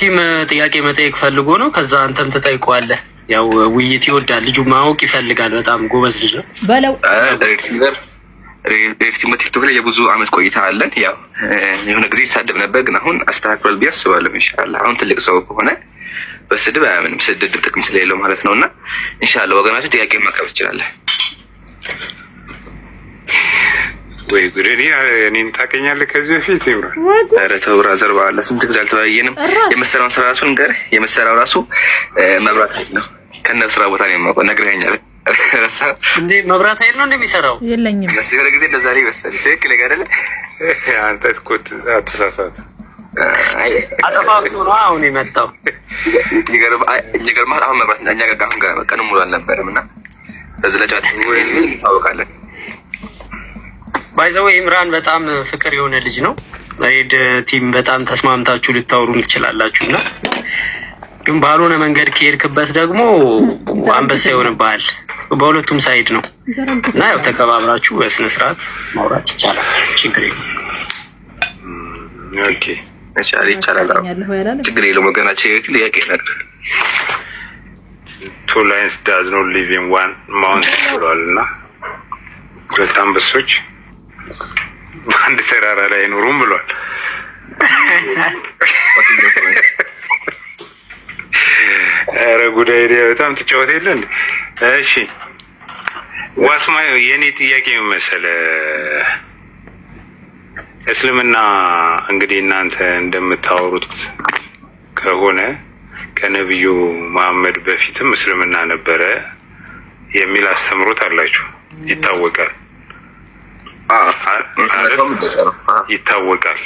ቲም ጥያቄ መጠየቅ ፈልጎ ነው። ከዛ አንተም ትጠይቀዋለህ። ያው ውይይት ይወዳል ልጁ፣ ማወቅ ይፈልጋል። በጣም ጎበዝ ልጅ ነው በለው። ሬድቲም በቲክቶክ ላይ የብዙ አመት ቆይታ አለን። ያው የሆነ ጊዜ ይሳደብ ነበር፣ ግን አሁን አስተካክሏል ብዬ አስባለሁ። ኢንሻላህ አሁን ትልቅ ሰው ከሆነ በስድብ አያምንም። ስድብ ጥቅም ስለሌለው ማለት ነው። እና ኢንሻላህ ወገናቸው ጥያቄ ማቅረብ ትችላለህ። ወይ ጉድ! እኔ እኔን ታውቀኛለህ ከዚህ በፊት ይምራል። ኧረ ተው ብራዘር፣ በኋላ ስንት ጊዜ አልተወያየንም። የምትሰራውን ስራ ራሱ ንገር። የምትሰራው ራሱ መብራት ኃይል ነው። ከነ ስራ ቦታ ነው የማውቀው። ነግረኸኛል። እንዴ መብራት ኃይል ነው እንደሚሰራው የለኝም። የሆነ ጊዜ እንደዚያ ነው የመሰለኝ። ትክክል አይደለ? አንተ እኮ አትሳሳት አጠፋፍቱ ነው አሁን የመጣው። ይገርምሃል፣ አሁን መብራት እኛ ጋር አሁን ቀን ሙሉ አልነበረም እና በዚህ ለጨዋታ ታወቃለን ባይዘው ኢምራን በጣም ፍቅር የሆነ ልጅ ነው። ሬድ ቲም በጣም ተስማምታችሁ ልታወሩ ትችላላችሁ እና ግን ባልሆነ መንገድ ከሄድክበት ደግሞ አንበሳ ይሆንብሃል። በሁለቱም ሳይድ ነው እና ያው ተከባብራችሁ በስነ ስርዓት ማውራት ይቻላል። ችግር ይቻላል። ችግር የለውም። ወገናችን የቤት ጥያቄ ነበር ቱ ላይንስ ዳዝ ኖት ሊቭ ዋን ማውንት ይችላል እና ሁለት አንበሶች በአንድ ተራራ ላይ አይኖሩም ብሏል። ኧረ ጉዳይ በጣም ትጫወት የለ እንዴ? እሺ ዋስማ የእኔ ጥያቄ መሰለ እስልምና እንግዲህ እናንተ እንደምታወሩት ከሆነ ከነቢዩ መሐመድ በፊትም እስልምና ነበረ የሚል አስተምሮት አላችሁ፣ ይታወቃል። ይታወቃል።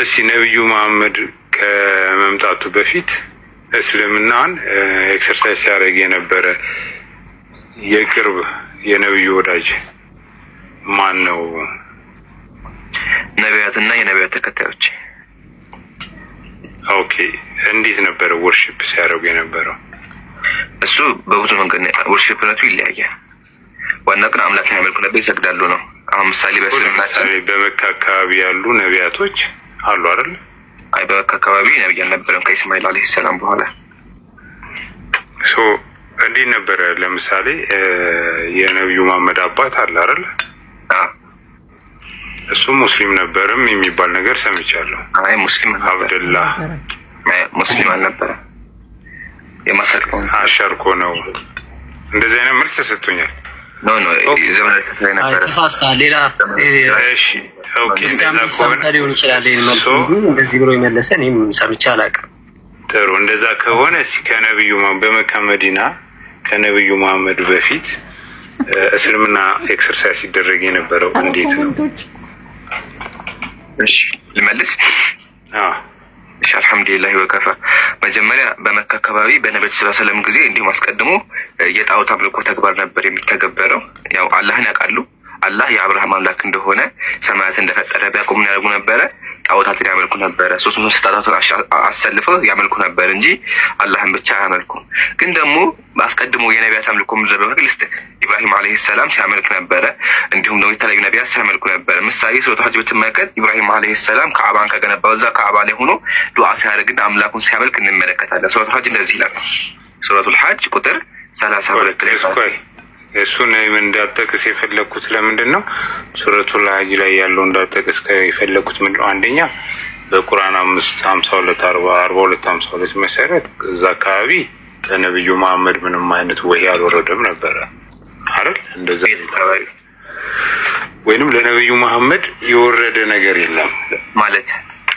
እሺ ነቢዩ መሐመድ ከመምጣቱ በፊት እስልምናን ኤክሰርሳይዝ ሲያደርግ የነበረ የቅርብ የነቢዩ ወዳጅ ማን ነው? ነቢያትና የነቢያት ተከታዮች። ኦኬ፣ እንዴት ነበረ ወርሺፕ ሲያደርጉ የነበረው? እሱ በብዙ መንገድ ወርሽፕነቱ ይለያያል። ዋና ግን አምላክን ያመልኩ ነበር ይሰግዳሉ ነው። አሁን ምሳሌ በስልምናቸው በመካ አካባቢ ያሉ ነቢያቶች አሉ አይደል? አይ በመካ አካባቢ ነቢይ አልነበረም ከኢስማኤል አለይሂ ሰላም በኋላ ሶ እንዴት ነበረ? ለምሳሌ የነቢዩ መሐመድ አባት አለ አይደል? እሱ ሙስሊም ነበርም የሚባል ነገር ሰምቻለሁ። አይ ሙስሊም አብደላ ሙስሊም አልነበረም። የማሰርቀው አሻርኮ ነው። እንደዚህ አይነት መልስ ተሰጥቶኛል። ኖ ኖ ዘመናዊ ጥሩ እንደዛ ከሆነ እስኪ ከነቢዩ በመካ መዲና ከነቢዩ መሐመድ በፊት እስልምና ኤክሰርሳይዝ ሲደረግ የነበረው እንዴት ነው? እሺ ልመልስ እሺ አልሐምዱሊላህ ወከፋ። መጀመሪያ በመካ አካባቢ በነቢዩ ሰለላሁ ሰለም ጊዜ እንዲሁም አስቀድሞ የጣዖት አምልኮ ተግባር ነበር የሚተገበረው። ያው አላህን ያውቃሉ አላህ የአብርሃም አምላክ እንደሆነ ሰማያት እንደፈጠረ ቢያቆሙን ያደርጉ ነበረ። ጣዖታትን ያመልኩ ነበረ። ሶስት ሶስት ጣዖታትን አሰልፈው ያመልኩ ነበር እንጂ አላህን ብቻ አያመልኩም። ግን ደግሞ አስቀድሞ የነቢያት አምልኮ ምድረ በመግል ስትክ ኢብራሂም ዓለይሂ ሰላም ሲያመልክ ነበረ። እንዲሁም ደግሞ የተለያዩ ነቢያት ሲያመልኩ ነበረ። ምሳሌ ሱረቱ ሐጅ ብትመለከት ኢብራሂም ዓለይሂ ሰላም ከአባን ከገነባ እዛ ከአባ ላይ ሆኖ ዱዓ ሲያደርግና አምላኩን ሲያመልክ እንመለከታለን። ሱረቱ ሐጅ እንደዚህ ይላል። ሱረቱል ሐጅ ቁጥር ሰላሳ ሁለት ላይ እሱን እንዳጠቅስ የፈለግኩት ለምንድን ነው? ሱረቱ ሀጅ ላይ ያለው እንዳጠቅስ የፈለግኩት ምንድነው? አንደኛ በቁርአን አምስት ሀምሳ ሁለት አርባ አርባ ሁለት ሀምሳ ሁለት መሰረት እዛ አካባቢ ከነብዩ መሐመድ ምንም አይነት ወህይ አልወረደም ነበረ አይደል? እንደዛ ወይንም ለነብዩ መሐመድ የወረደ ነገር የለም ማለት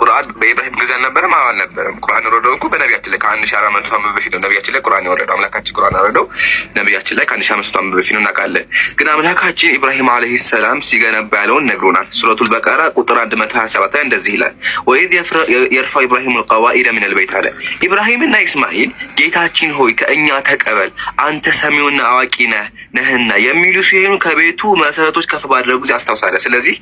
ቁርአን በኢብራሂም ጊዜ አልነበረም? አዎ አልነበረም። ቁርአን የወረደው እኮ በነቢያችን ላይ ከአንድ ሺህ አራት መቶ ዓመት በፊት ነው። ነቢያችን ላይ ቁርአን የወረደው አምላካችን ቁርአን የወረደው ነቢያችን ላይ ከአንድ ሺህ አምስት መቶ ዓመት በፊት ነው እናውቃለን። ግን አምላካችን ኢብራሂም አለይሂ ሰላም ሲገነባ ያለውን ነግሮናል። ሱረቱል በቀራ ቁጥር አንድ መቶ ሀያ ሰባት ላይ እንደዚህ ይላል፣ ወኢዝ የርፋ ኢብራሂም ልቀዋኢደ ሚን ልበይት አለ። ኢብራሂምና ኢስማኤል ጌታችን ሆይ ከእኛ ተቀበል፣ አንተ ሰሚውና አዋቂ ነህ ነህና የሚሉ ሲሆኑ ከቤቱ መሰረቶች ከፍ ባደረጉ ጊዜ አስታውሳለህ። ስለዚህ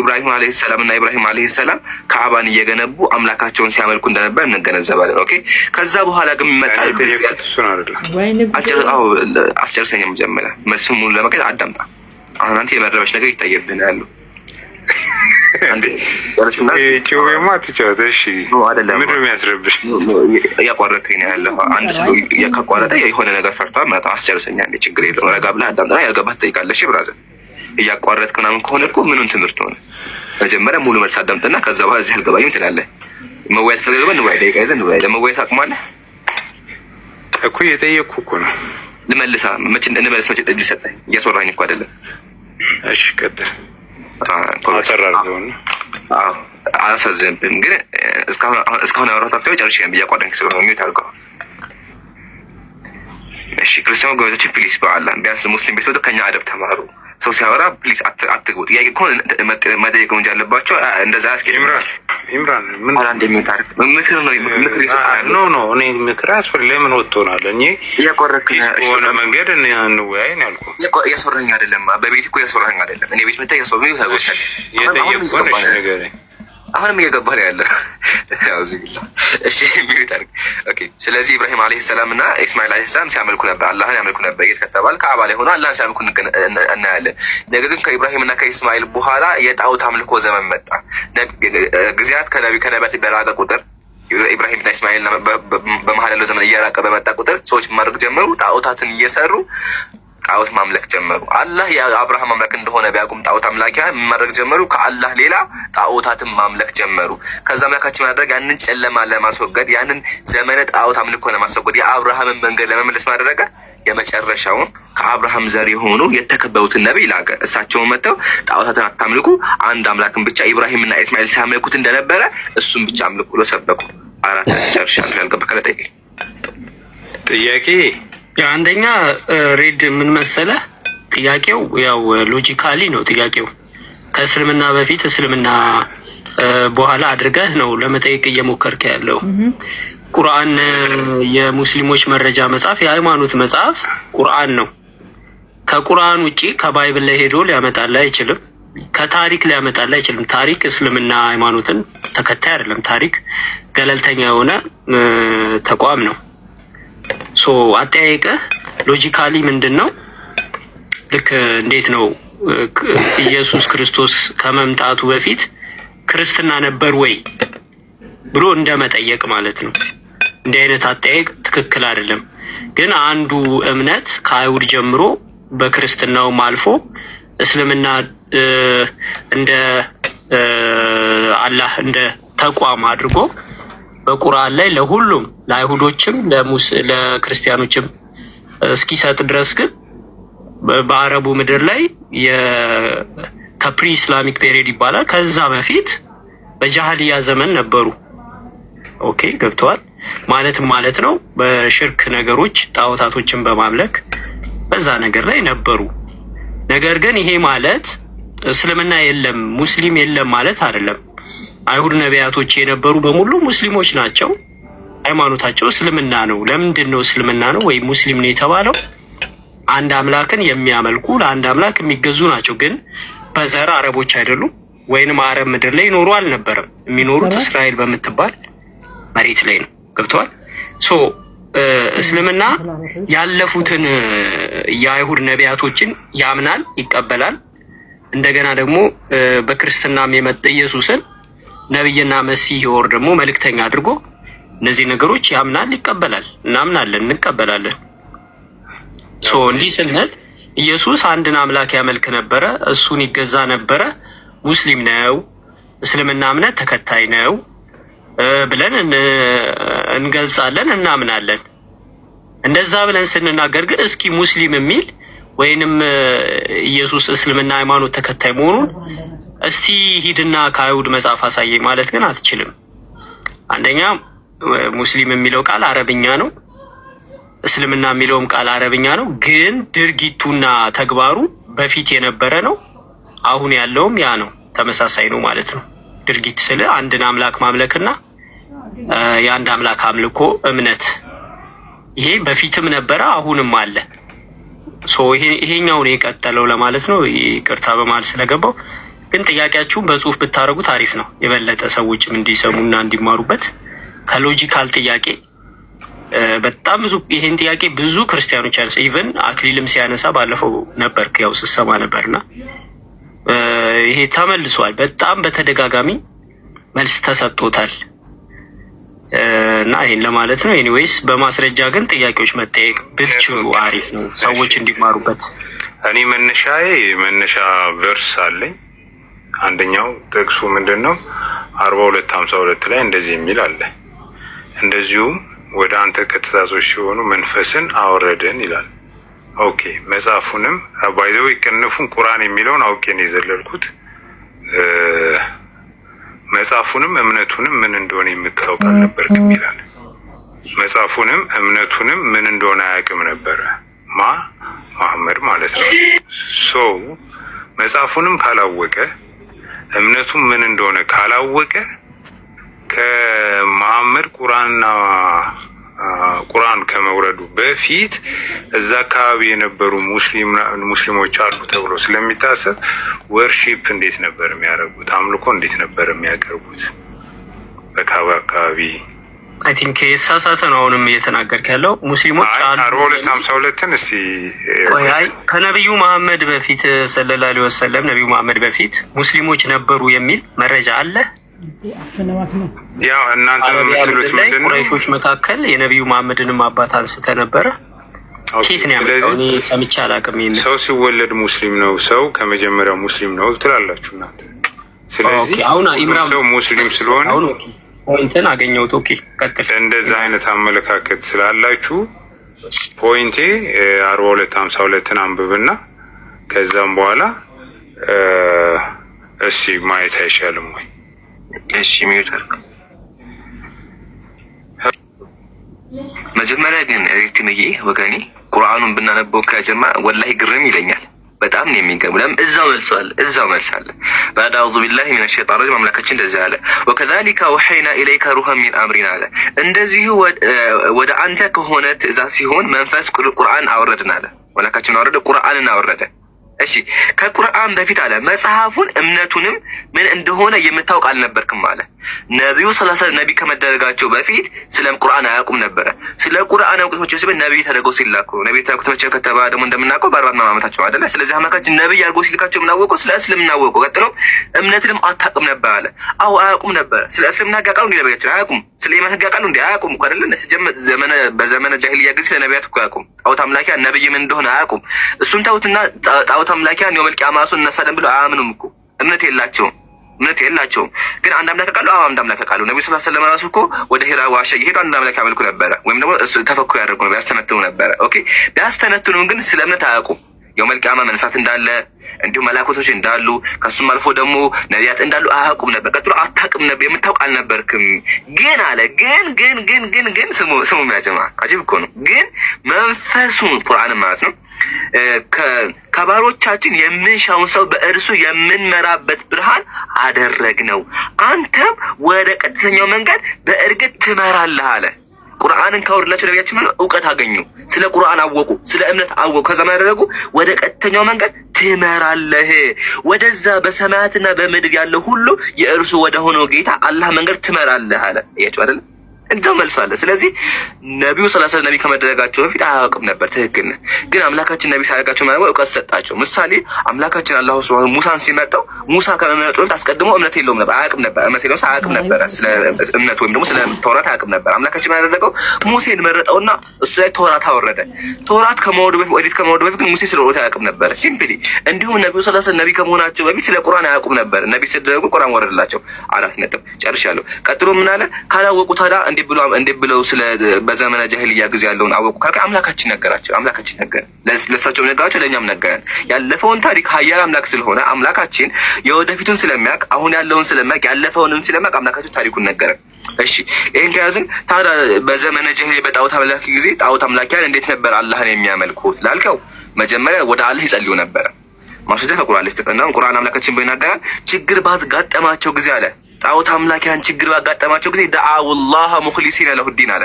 ኢብራሂም አለይሂ ሰላም እና ኢብራሂም አለይሂ ሰላም ከአባን እየገነቡ አምላካቸውን ሲያመልኩ እንደነበር እንገነዘባለን። ኦኬ። ከዛ በኋላ ግን ይመጣል። አስጨርሰኛ መጀመሪያ መልሱን ሙሉ ለመቀት አዳምጣ። አሁን አንተ የመረበች ነገር ይታየብን ያሉ እያቋረጥከኝ ነው ያለው። አንድ ሰው ከቋረጠ የሆነ ነገር ፈርቷል ማለት አስጨርሰኛ። ችግር የለውም። ረጋ ብለህ አዳምጠና ያልገባህ ትጠይቃለህ። ብራዘር እያቋረጥክ ምናምን ከሆነ እኮ ምኑን ትምህርት ሆነ? መጀመሪያ ሙሉ መልስ አዳምጥና ከዛ በኋላ እዚህ አልገባኝም ትላለህ። መወያየት ፈለገ ንወያ ደቂቃ ይዘህ ንወያ ለመወያየት አቅማለህ እኮ የጠየቅኩ እኮ ነው። ልመልሳ መቼ እንመልስ መቼ ጠጅ ሰጠህ? እያስወራኝ እኮ አይደለም። እሺ ቀጥል። አላሳዘንብም ግን እስካሁን አውራት አካባቢ ጨርሼ እያቋረጥክ ስለሆነ ሚውት አድርገው እሺ ክርስቲያኑ ገበቶችን ፕሊስ በአላ ቢያንስ ሙስሊም ቤት ከኛ አደብ ተማሩ። ሰው ሲያወራ ፕሊስ አትግቡ። ጥያቄ ከሆነ መጠየቅ እንጂ ያለባቸው እንደዛ ምክር ለምን ወጥቶናል እ የሆነ መንገድ እንወያይ ያልኩ እያስወራኝ አይደለም። በቤት እኮ እያስወራኝ አይደለም። እኔ ቤት መታ እያስወራኝ አሁንም እየገባ ነው ያለ። ስለዚህ ኢብራሂም አለህ ሰላም እና ኢስማኤል አለይሂ ሰላም ሲያመልኩ ነበር፣ አላህን ያመልኩ ነበር እየተከተባል ከአባ ላይ ሆኖ አላህን ሲያመልኩ እናያለን። ነገር ግን ከኢብራሂም እና ከእስማኤል በኋላ የጣዖት አምልኮ ዘመን መጣ። ጊዜያት ከነቢ ከነቢያት በራቀ ቁጥር ኢብራሂም እና እስማኤል በመሀል ያለው ዘመን እያራቀ በመጣ ቁጥር ሰዎች ማድረግ ጀመሩ ጣዖታትን እየሰሩ ጣዖት ማምለክ ጀመሩ። አላህ የአብርሃም አምላክ እንደሆነ ቢያውቁም ጣዖት አምላኪያ ማድረግ ጀመሩ። ከአላህ ሌላ ጣዖታትን ማምለክ ጀመሩ። ከዛ አምላካችን ማድረግ ያንን ጨለማ ለማስወገድ ያንን ዘመነ ጣዖት አምልኮ ለማስወገድ የአብርሃምን መንገድ ለመመለስ ማደረገ የመጨረሻውን ከአብርሃም ዘር የሆኑ የተከበቡትን ነቢይ ላከ። እሳቸውን መጥተው ጣዖታትን አታምልኩ፣ አንድ አምላክን ብቻ ኢብራሂምና እስማኤል ሲያመልኩት እንደነበረ እሱን ብቻ አምልኩ ብሎ ሰበኩ። አራት ጨርሻለሁ። ያልገባ ጥያቄ አንደኛ ሬድ ምን መሰለ ጥያቄው ያው ሎጂካሊ ነው ጥያቄው ከእስልምና በፊት እስልምና በኋላ አድርገህ ነው ለመጠየቅ እየሞከርከ ያለው። ቁርአን የሙስሊሞች መረጃ መጽሐፍ፣ የሃይማኖት መጽሐፍ ቁርአን ነው። ከቁርአን ውጪ ከባይብል ላይ ሄዶ ሊያመጣልህ አይችልም። ከታሪክ ሊያመጣልህ አይችልም። ታሪክ እስልምና ሃይማኖትን ተከታይ አይደለም። ታሪክ ገለልተኛ የሆነ ተቋም ነው። ሶ አጠያየቅህ ሎጂካሊ ምንድን ነው? ልክ እንዴት ነው ኢየሱስ ክርስቶስ ከመምጣቱ በፊት ክርስትና ነበር ወይ ብሎ እንደ መጠየቅ ማለት ነው። እንዲህ አይነት አጠያየቅ ትክክል አይደለም። ግን አንዱ እምነት ከአይሁድ ጀምሮ በክርስትናውም አልፎ እስልምና እንደ አላህ እንደ ተቋም አድርጎ በቁርአን ላይ ለሁሉም ለአይሁዶችም ለክርስቲያኖችም እስኪሰጥ ድረስ ግን በአረቡ ምድር ላይ ከፕሪ ኢስላሚክ ፔሪድ ይባላል። ከዛ በፊት በጃህልያ ዘመን ነበሩ። ኦኬ ገብተዋል። ማለትም ማለት ነው በሽርክ ነገሮች ጣዖታቶችን በማምለክ በዛ ነገር ላይ ነበሩ። ነገር ግን ይሄ ማለት እስልምና የለም ሙስሊም የለም ማለት አይደለም። አይሁድ ነቢያቶች የነበሩ በሙሉ ሙስሊሞች ናቸው። ሃይማኖታቸው እስልምና ነው። ለምንድን ነው እስልምና ነው ወይም ሙስሊም ነው የተባለው? አንድ አምላክን የሚያመልኩ ለአንድ አምላክ የሚገዙ ናቸው። ግን በዘር አረቦች አይደሉም፣ ወይንም አረብ ምድር ላይ ይኖሩ አልነበረም። የሚኖሩት እስራኤል በምትባል መሬት ላይ ነው። ገብተዋል። ሶ እስልምና ያለፉትን የአይሁድ ነቢያቶችን ያምናል፣ ይቀበላል። እንደገና ደግሞ በክርስትናም የመጣ ኢየሱስን ነቢይና መሲህ ወር ደግሞ መልእክተኛ አድርጎ እነዚህ ነገሮች ያምናል፣ ይቀበላል። እናምናለን፣ እንቀበላለን። ሶ እንዲህ ስንል ኢየሱስ አንድን አምላክ ያመልክ ነበረ፣ እሱን ይገዛ ነበረ፣ ሙስሊም ነው፣ እስልምና እምነት ተከታይ ነው ብለን እንገልጻለን፣ እናምናለን። እንደዛ ብለን ስንናገር ግን እስኪ ሙስሊም የሚል ወይንም ኢየሱስ እስልምና ሃይማኖት ተከታይ መሆኑን እስቲ ሂድና ከአይሁድ መጽሐፍ አሳየኝ ማለት ግን አትችልም። አንደኛ ሙስሊም የሚለው ቃል አረብኛ ነው። እስልምና የሚለውም ቃል አረብኛ ነው። ግን ድርጊቱና ተግባሩ በፊት የነበረ ነው። አሁን ያለውም ያ ነው። ተመሳሳይ ነው ማለት ነው። ድርጊት ስለ አንድን አምላክ ማምለክና የአንድ አምላክ አምልኮ እምነት ይሄ በፊትም ነበረ፣ አሁንም አለ። ይሄኛውን የቀጠለው ለማለት ነው። ይቅርታ በመሃል ስለገባው ግን ጥያቄያችሁን በጽሁፍ ብታደረጉት አሪፍ ነው። የበለጠ ሰዎችም እንዲሰሙና እንዲማሩበት ከሎጂካል ጥያቄ በጣም ብዙ ይሄን ጥያቄ ብዙ ክርስቲያኖች ያነሳ ኢቨን አክሊልም ሲያነሳ ባለፈው ነበር ያው ስሰማ ነበርና ይሄ ተመልሷል። በጣም በተደጋጋሚ መልስ ተሰጥቶታል እና ይሄን ለማለት ነው። ኤኒዌይስ በማስረጃ ግን ጥያቄዎች መጠየቅ ብትችሉ አሪፍ ነው፣ ሰዎች እንዲማሩበት። እኔ መነሻዬ መነሻ ቨርስ አለኝ አንደኛው ጥቅሱ ምንድን ነው? አርባ ሁለት ሀምሳ ሁለት ላይ እንደዚህ የሚል አለ። እንደዚሁም ወደ አንተ ከትእዛዞች ሲሆኑ መንፈስን አወረድን ይላል። ኦኬ መጽሐፉንም ባይዘው ቅንፉን ቁርአን የሚለውን አውቄ ነው የዘለልኩት። መጽሐፉንም እምነቱንም ምን እንደሆነ የምታውቅ አልነበርክም ይላል። መጽሐፉንም እምነቱንም ምን እንደሆነ አያውቅም ነበረ። ማ መሐመድ ማለት ነው። ሶ መጽሐፉንም ካላወቀ እምነቱም ምን እንደሆነ ካላወቀ ከመሐመድ ቁርአንና ቁርአን ከመውረዱ በፊት እዛ አካባቢ የነበሩ ሙስሊሞች አሉ ተብሎ ስለሚታሰብ ወርሺፕ እንዴት ነበር የሚያደርጉት? አምልኮ እንዴት ነበር የሚያቀርቡት በካባ አካባቢ አይ ቲንክ የተሳሳተ ነው። አሁንም እየተናገርክ ያለው ሙስሊሞች አርባ ሁለት ሀምሳ ሁለትን እስቲ ከነቢዩ መሐመድ በፊት ሰለላ ዐለይሂ ወሰለም ነቢዩ መሐመድ በፊት ሙስሊሞች ነበሩ የሚል መረጃ አለ። ያው እናንተ የምትሉት ምንድን ነው? ቁረይሾች መካከል የነቢዩ መሐመድንም አባት አንስተ ነበረ። ኬት ነው ያመጣው? እኔ ሰምቼ አላውቅም። ይሄን ሰው ሲወለድ ሙስሊም ነው፣ ሰው ከመጀመሪያው ሙስሊም ነው ትላላችሁ እናንተ። ስለዚህ አሁን ኢምራን ሰው ሙስሊም ስለሆነ ፖይንትን አገኘሁት። ኦኬ ቀጥል። እንደዛ አይነት አመለካከት ስላላችሁ ፖይንቴ አርባ ሁለት ሀምሳ ሁለትን አንብብና ከዛም በኋላ እሺ ማየት አይሻልም ወይ? እሺ ሚውተር መጀመሪያ ግን ሪትምዬ ወገኔ ቁርአኑን ብናነበው ከጀማ ወላሂ ግርም ይለኛል። በጣም ነው የሚገቡለም። እዛው መልሶ እዛው መልስ አለ። አዑዙ ቢላሂ ሚነ ሸይጣን ረጂም አምላካችን እንደዚህ አለ፣ ወከዛሊከ አውሐይና ኢለይከ ሩሃን ሚን አምሪና አለ። እንደዚሁ ወደ አንተ ከሆነ ትእዛዝ ሲሆን መንፈስ ቁርአን አወረድን አለ። አምላካችን አወረደ ቁርአንን አወረደ እሺ ከቁርአን በፊት አለ መጽሐፉን እምነቱንም ምን እንደሆነ የምታውቅ አልነበርክም አለ። ነቢዩ ሰላሳ ነቢ ከመደረጋቸው በፊት ስለ ቁርአን አያውቁም ነበረ። ስለ ቁርአን ያውቁት መቼ ሲል ነቢ ተደርገው ሲላኩ ነቢ ተደርገው መቼ ከተባ ደግሞ እንደምናውቀው በአርባና ምናምን ዓመታቸው አይደለ? ስለዚህ አመካችን ነቢ አድርገው ሲልካቸው ምናወቁ ስለ እስልምና ወቁ። ቀጥሎ እምነትንም አታውቅም ነበር አለ። አዎ አያውቁም ነበረ። ስለ እስልምና ህግ ያውቃሉ እንዴ? ነቢያችን አያውቁም። ስለ ኢማን ህግ ያውቃሉ እንዴ? አያውቁም እኮ አይደለ? ዘመነ በዘመነ ጃሂልያ ጊዜ ስለ ነቢያት እኮ አያውቁም። ጣዖት አምላኪያ ነብይ ምን እንደሆነ አያውቁም። እሱን ታውትና ጣዖት የሞት አምላኪያን የውመል ቂያማ እሱን እነሳለን ብለው አያምኑም እኮ እምነት የላቸውም። እምነት የላቸውም። ግን አንድ አምላክ ቃሉ አዎ አንድ አምላክ ቃሉ ነቢ ስላ ስለም ራሱ እኮ ወደ ሄራ ዋሻ እየሄዱ አንድ አምላክ ያመልኩ ነበረ፣ ወይም ደግሞ ተፈኩ ያደርጉ ነው ያስተነትኑ ነበረ። ኦኬ ቢያስተነትኑም ግን ስለ እምነት አያውቁም። የውመል ቂያማ መነሳት እንዳለ እንዲሁም መላኮቶች እንዳሉ ከሱም አልፎ ደግሞ ነቢያት እንዳሉ አያውቁም ነበር። ቀጥሎ አታውቅም ነበር፣ የምታውቅ አልነበርክም። ግን አለ ግን ግን ግን ግን ግን ስሙ የሚያጀማ አጅብ እኮ ነው። ግን መንፈሱን ቁርአን ማለት ነው ከባሮቻችን የምንሻውን ሰው በእርሱ የምንመራበት ብርሃን አደረግ ነው። አንተም ወደ ቀጥተኛው መንገድ በእርግጥ ትመራለህ አለ። ቁርአንን ካወርላቸው ነቢያችን ማለት እውቀት አገኙ። ስለ ቁርአን አወቁ፣ ስለ እምነት አወቁ። ከዛ ማደረጉ ወደ ቀጥተኛው መንገድ ትመራለህ፣ ወደዛ በሰማያትና በምድር ያለው ሁሉ የእርሱ ወደ ሆነው ጌታ አላህ መንገድ ትመራለህ አለ። እያቸው አይደለም እዛው መልሱ አለ። ስለዚህ ነቢዩ ሰላሳ ነቢ ከመደረጋቸው በፊት አያውቅም ነበር። ትክክል ግን አምላካችን ነቢ ሲያደርጋቸው ማለት እውቀት ሰጣቸው። ምሳሌ አምላካችን አላህ ሱብሃነሁ ሙሳን ሲመጣው ሙሳ ከመመጡ በፊት አስቀድሞ እምነት የለውም ነበር፣ አያውቅም ነበር። እምነት የለውም አያውቅም ነበር። ስለ እምነት ወይም ደግሞ ስለ ተውራት አያውቅም ነበር። አምላካችን ያደረገው ሙሴን መረጠውና እሱ ላይ ተውራት አወረደ። ተውራት ከመወዱ በፊት ወዲት ከመወዱ በፊት ግን ሙሴ ስለ ኦሪት አያውቅም ነበር። ሲምፕሊ እንዲሁም ነቢዩ ሰላሳ ነቢ ከመሆናቸው በፊት ስለ ቁርአን አያውቁም ነበር። ነቢ ሲደረጉ ቁርአን ወረደላቸው። አራት ነጥብ ጨርሻለሁ። ቀጥሎ ምን አለ ካላወቁ ታዲያ እንዴት ብሎ እንዴት ብለው ስለ በዘመነ ጃሂልያ ጊዜ ያለውን አወቁ ካልከ አምላካችን ነገራቸው። አምላካችን ነገር ለእሳቸው ነገራቸው፣ ለእኛም ነገረን። ያለፈውን ታሪክ ሀያል አምላክ ስለሆነ አምላካችን የወደፊቱን ስለሚያውቅ አሁን ያለውን ስለሚያውቅ ያለፈውንም ስለሚያውቅ አምላካችን ታሪኩን ነገረን። እሺ ይህን ተያዝን። ታዲያ በዘመነ ጃሂልያ በጣዖት አምላኪ ጊዜ ጣዖት አምላኪያን እንዴት ነበር አላህን የሚያመልኩት ላልከው መጀመሪያ ወደ አላህ ይጸልዩ ነበረ። ማስረጃ ከቁርአን ልስጥህ። ቁርአን አምላካችን ብሎ ይናገራል ችግር ባትጋጠማቸው ጊዜ አለ ጣዖት ያን ችግር ባጋጠማቸው ጊዜ ደአውላህ ሙክሊሲን ለሁዲን አለ።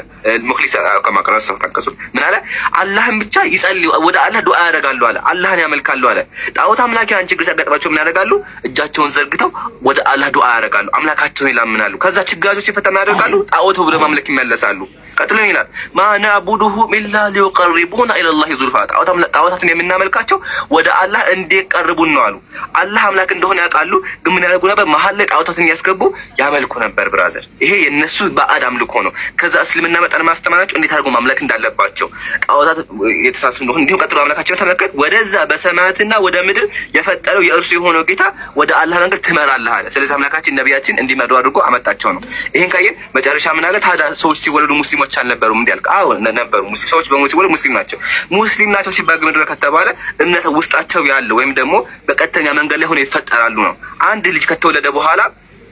ሙክሊስ ከማቅረስ ሰው ተንቀሱ ምን አለ? አላህን ብቻ ይጸል ወደ አላህ ዱዓ ያደርጋሉ አለ። አላህን ያመልካሉ አለ። ጣዖት ያን ችግር ሲያጋጥማቸው ምን ያደርጋሉ? እጃቸውን ዘርግተው ወደ አላህ ዱዓ ያደርጋሉ፣ አምላካቸውን ይላምናሉ። ከዛ ችግራቸው ሲፈታ ያደርጋሉ? ጣዖት ብሎ ማምለክ ይመለሳሉ። ቀጥሎ ይላል ማናቡዱሁ ኢላ ሊቀርቡና ኢለላሂ ዙልፋ፣ አምላክ ጣዖታትን የምናመልካቸው ወደ አላህ እንዲቀርቡን ነው አሉ። አላህ አምላክ እንደሆነ ያውቃሉ፣ ግን ምን ያደርጉ ነበር? መሀል ላይ ጣዖታትን ያስገቡ እያነበቡ ያመልኩ ነበር ብራዘር። ይሄ የነሱ ባዕድ አምልኮ ነው። ከዛ እስልምና መጠን ማስተማራቸው እንዴት አድርጎ ማምለክ እንዳለባቸው ጣዖታት የተሳሱ እንደሆነ እንዲሁም ቀጥሎ አምላካቸው ተመልከት። ወደዛ በሰማያትና ወደ ምድር የፈጠረው የእርሱ የሆነው ጌታ ወደ አላህ መንገድ ትመራለህ አለ። ስለዚህ አምላካችን ነቢያችን እንዲመሩ አድርጎ አመጣቸው ነው። ይህን ካየን መጨረሻ ምን አለ ታዲያ? ሰዎች ሲወለዱ ሙስሊሞች አልነበሩም እንዲ ያልክ? አዎ ነበሩ። ሰዎች በሙሉ ሲወለዱ ሙስሊም ናቸው። ሙስሊም ናቸው ሲባል ምድረ ምንድነው ከተባለ እምነት ውስጣቸው ያለ ወይም ደግሞ በቀጥተኛ መንገድ ላይ ሆነ ይፈጠራሉ ነው። አንድ ልጅ ከተወለደ በኋላ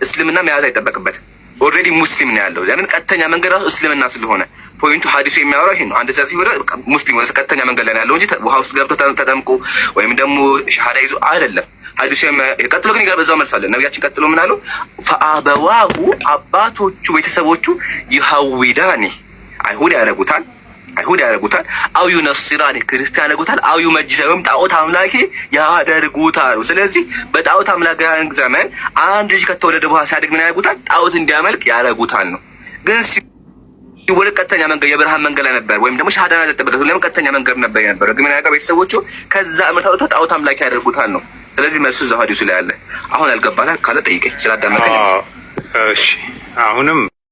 እስልምና መያዝ አይጠበቅበትም። ኦልሬዲ ሙስሊም ነው ያለው። ያንን ቀጥተኛ መንገድ ራሱ እስልምና ስለሆነ ፖይንቱ ሀዲሱ የሚያወራው ይሄ ነው። አንድ ሰው ሲወደ ሙስሊም ወይስ ቀጥተኛ መንገድ ላይ ያለው እንጂ ውሃ ውስጥ ገብቶ ተጠምቆ ወይም ደግሞ ሻሃዳ ይዞ አይደለም። ሀዲሱ ቀጥሎ ግን ይገር በዛው መልሳለ ነቢያችን ቀጥሎ ምን አለው? ፈአበዋሁ አባቶቹ ቤተሰቦቹ ይሀዊዳኒ አይሁድ ያደረጉታል አይሁድ ያደርጉታል፣ አውዩ ነስራን ክርስቲያን ያደርጉታል፣ አውዩ መጅሰ ወይም ጣዖት አምላኪ ያደርጉታል። ስለዚህ በጣዖት አምላኪያን ዘመን አንድ ልጅ ከተወለደ በኋላ ሲያድግ ምን ያደርጉታል? ጣዖት እንዲያመልክ ያደርጉታል ነው። ግን ወደ ቀጥተኛ መንገድ የብርሃን መንገድ ላይ ነበር፣ ወይም ደግሞ ሻሃዳ ያልጠበቀ ለምን ቀጥተኛ መንገድ ነበር የነበረ። ግን ምን ያደርጋል? ቤተሰቦቹ ከዛ እምነት አውጥቶ ጣዖት አምላኪ ያደርጉታል ነው። ስለዚህ መልሱ እዛ ሀዲሱ ላይ አለ። አሁን ያልገባታል ካለ ጠይቀኝ ስላዳመጠኝ። እሺ አሁንም